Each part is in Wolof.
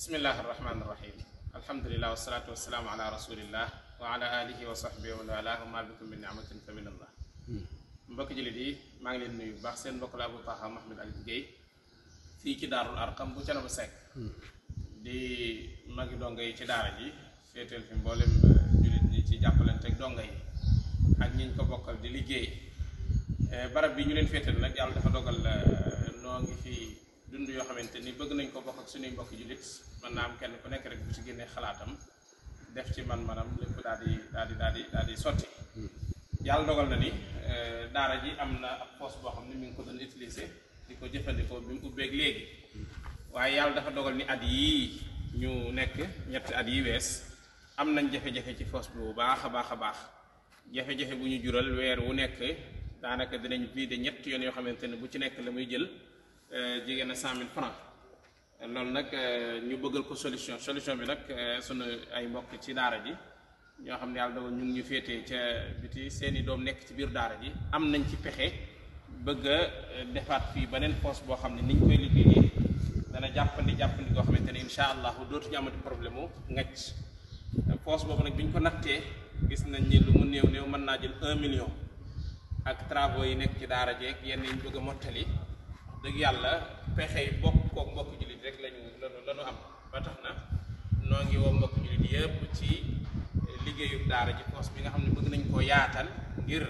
bismillahi irrahmani irrahim alhamdulilah wasalatu wasalaamu ala rasulillah wa ala alihi wa sahbihi wa wala ma bikum min ni'matin fa min allah mbokki jullit yi maa ngi leen nuyu baax seen mbokk la Abou Taha Mouhamed Alioune Guèye fii ci daarul arqam bu cana bu sekk di magi donga yi ci daara ji féeteel fi mboolem jullit ñi ci jàppalante ak donga yi ak ñi ñu ko bokkal di liggéey eh, barab bi ñu leen féeteel nag yàlla dafa dogal eh, noo ngi fii dund yoo xamante ni bëgg nañ ko bokk ak suñuy mbokk jullit mën naa am kenn ku nekk rek bu ci génnee xalaatam def ci man manam lépp daal di daal di daal hmm. na ni euh, daara ji am na ab boo xam ne mi ko doon utilisé di ko jëfandikoo bi mu ubbeeg léegi hmm. yàlla dafa dogal ni at yii ñu nekk ñetti at yi wees am nañ jafe ci poste bu baax a baax a baax jafe-jafe bu ñu jural weer wu nekk daanaka dinañ de ñett yoon yoo xamante ne bu ci nekk la muy jël Euh, jigéen na cent mille francs loolu nag euh, ñu bëggal ko solution solution bi nag euh, sunu ay mbokk ci daara ji ñoo xam ne yàlla dogal ñu ngi ñu féetee ca biti seeni doom nekk ci biir daara ji am nañ ci pexe bëgg a defaat fii beneen poste boo xam ne niñ koy liggéeyee dana jàppandi jàppandi koo xamante ne incha allah dootuñu amati problème mu ngacc poste boobu nag bi ñu ko nattee gis nañ ni lu mu néew néew mën naa jël un million ak travaux yi nekk ci daara jeeg yenn yi ñu bëgg a mottali dëgg yàlla pexe yi bokk kook mbokk jullit rek lañu lanu lañu am ba tax na noo ngi woo mbokk jullit yëpp ci liggéeyu daara ji poos bi nga xam ne bëgg nañ koo yaatal ngir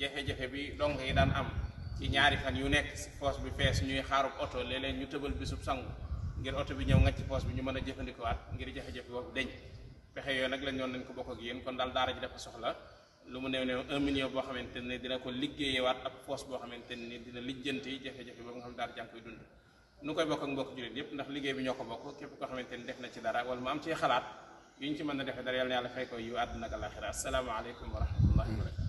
jafe-jafe bi dong yi daan am ci ñaari fan yu nekk si poos bi fees ñuy xaaru oto léeg-léeg ñu tëbal bisub sangu ngir oto bi ñëw nga ci poos bi ñu mën a jëfandikoowaat ngir jafe-jafe boobu deñ pexe yooyu nag lañ noonu nañ ko bokk ak yéen kon daal daara ji dafa soxla lu mu new néew un boo xamante ne dina ko liggéeyewaat ak poos boo xamante ne dina lijjanti jafe-jafe ba nga xam daal jàng koy dund nu koy bokk ak mbokk jullit yépp ndax liggéey bi ñoo ko bokk képp koo xamante ni def na ci dara wala mu am ci xalaat yu ñu ci mën a defee dara yàlla na yàlla fay ko yu àdduna ak alaxira asalaamaaleykum wa rahmatullahi wa